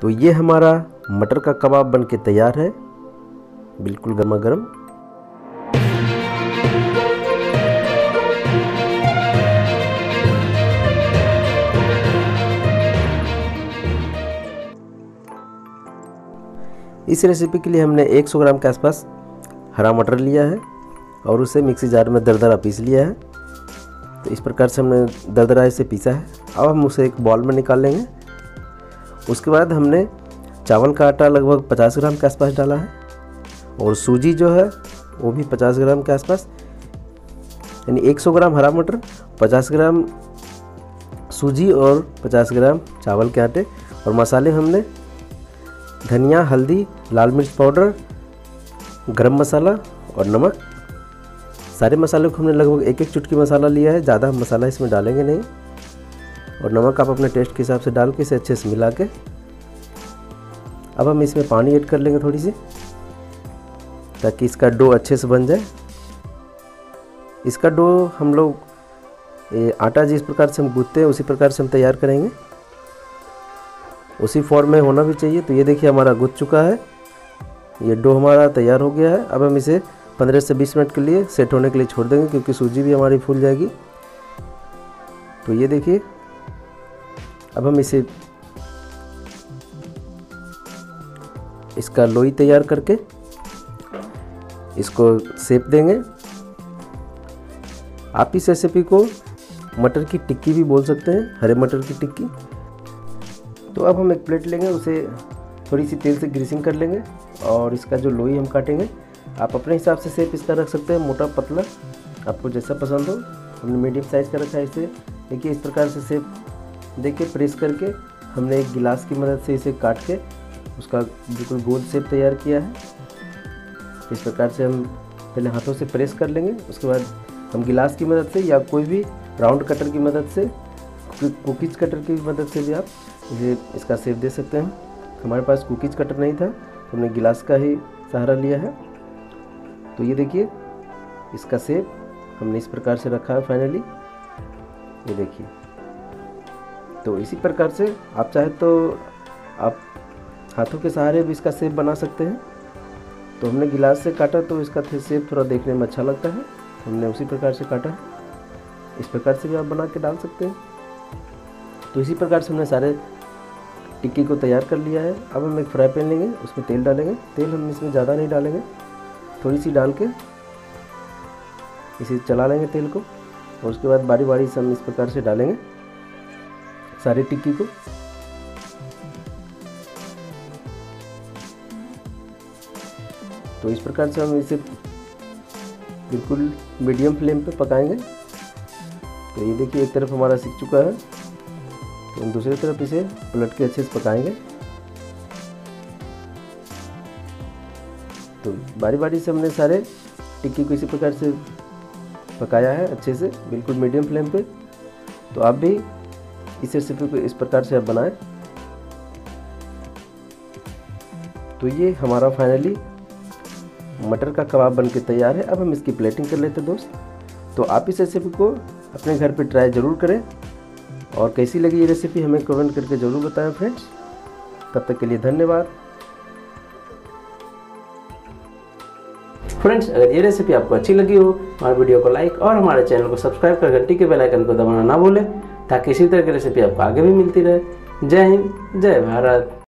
तो ये हमारा मटर का कबाब बन के तैयार है बिल्कुल गर्मा गर्म इस रेसिपी के लिए हमने 100 ग्राम के आसपास हरा मटर लिया है और उसे मिक्सी जार में दरदरा पीस लिया है तो इस प्रकार से हमने दरदरा इसे पीसा है अब हम उसे एक बॉल में निकाल लेंगे उसके बाद हमने चावल का आटा लगभग 50 ग्राम के आसपास डाला है और सूजी जो है वो भी 50 ग्राम के आसपास यानी 100 ग्राम हरा मटर 50 ग्राम सूजी और 50 ग्राम चावल के आटे और मसाले हमने धनिया हल्दी लाल मिर्च पाउडर गरम मसाला और नमक सारे मसालों को हमने लगभग एक एक चुटकी मसाला लिया है ज़्यादा मसाला इसमें डालेंगे नहीं और नमक आप अपने टेस्ट के हिसाब से डाल के इसे अच्छे से मिला के अब हम इसमें पानी ऐड कर लेंगे थोड़ी सी ताकि इसका डो अच्छे से बन जाए इसका डो हम लोग ये आटा जिस प्रकार से हम गूंथते हैं उसी प्रकार से हम तैयार करेंगे उसी फॉर्म में होना भी चाहिए तो ये देखिए हमारा गुथ चुका है ये डो हमारा तैयार हो गया है अब हम इसे 15 से 20 मिनट के लिए सेट होने के लिए छोड़ देंगे क्योंकि सूजी भी हमारी फूल जाएगी तो ये देखिए अब हम इसे इसका लोई तैयार करके इसको सेप देंगे आप इस रेसिपी को मटर की टिक्की भी बोल सकते हैं हरे मटर की टिक्की तो अब हम एक प्लेट लेंगे उसे थोड़ी सी तेल से ग्रीसिंग कर लेंगे और इसका जो लोई हम काटेंगे आप अपने हिसाब से सेप इसका रख सकते हैं मोटा पतला आपको जैसा पसंद हो हमने मीडियम साइज़ का रखा है इसे देखिए इस प्रकार से सेप देखिए प्रेस करके हमने एक गिलास की मदद से इसे काट के उसका बिल्कुल गोल शेप तैयार किया है इस प्रकार से हम पहले हाथों से प्रेस कर लेंगे उसके बाद हम गिलास की मदद से या कोई भी राउंड कटर की मदद से कुकीज़ कटर की मदद से भी आप इसे इसका सेप दे सकते हैं हमारे पास कुकीज़ कटर नहीं था तो हमने गिलास का ही सहारा लिया है तो ये देखिए इसका सेप हमने इस प्रकार से रखा है फाइनली ये देखिए तो इसी प्रकार से आप चाहे तो आप हाथों के सहारे भी इसका सेप बना सकते हैं तो हमने गिलास से काटा तो इसका सेप थोड़ा देखने में अच्छा लगता है तो हमने उसी प्रकार से काटा है इस प्रकार से भी आप बना के डाल सकते हैं तो इसी प्रकार से हमने सारे टिक्की को तैयार कर लिया है अब हम एक फ्राई पैन लेंगे उसमें तेल डालेंगे तेल हम इसमें ज़्यादा नहीं डालेंगे थोड़ी सी डाल के इसे चला लेंगे तेल को और उसके बाद बारी बारी से हम इस प्रकार से डालेंगे सारे टिक्की को तो इस प्रकार से हम इसे बिल्कुल मीडियम फ्लेम पे पकाएंगे तो ये देखिए एक तरफ हमारा सीख चुका है तो हम दूसरी तरफ इसे पलट के अच्छे से पकाएंगे तो बारी बारी से हमने सारे टिक्की को इसी प्रकार से पकाया है अच्छे से बिल्कुल मीडियम फ्लेम पे तो आप भी इस रेसिपी को इस प्रकार से आप बनाएं तो ये हमारा फाइनली मटर का कबाब बन के तैयार है अब हम इसकी प्लेटिंग कर लेते हैं दोस्त तो आप इस रेसिपी को अपने घर पे ट्राई ज़रूर करें और कैसी लगी ये रेसिपी हमें कमेंट करके ज़रूर बताएं फ्रेंड्स तब तक के लिए धन्यवाद फ्रेंड्स अगर ये रेसिपी आपको अच्छी लगी हो हमारे वीडियो को लाइक और हमारे चैनल को सब्सक्राइब कर घंटी के बेल आइकन को दबाना ना भूलें ताकि इसी तरह की रेसिपी आपको आगे भी मिलती रहे जय हिंद जय भारत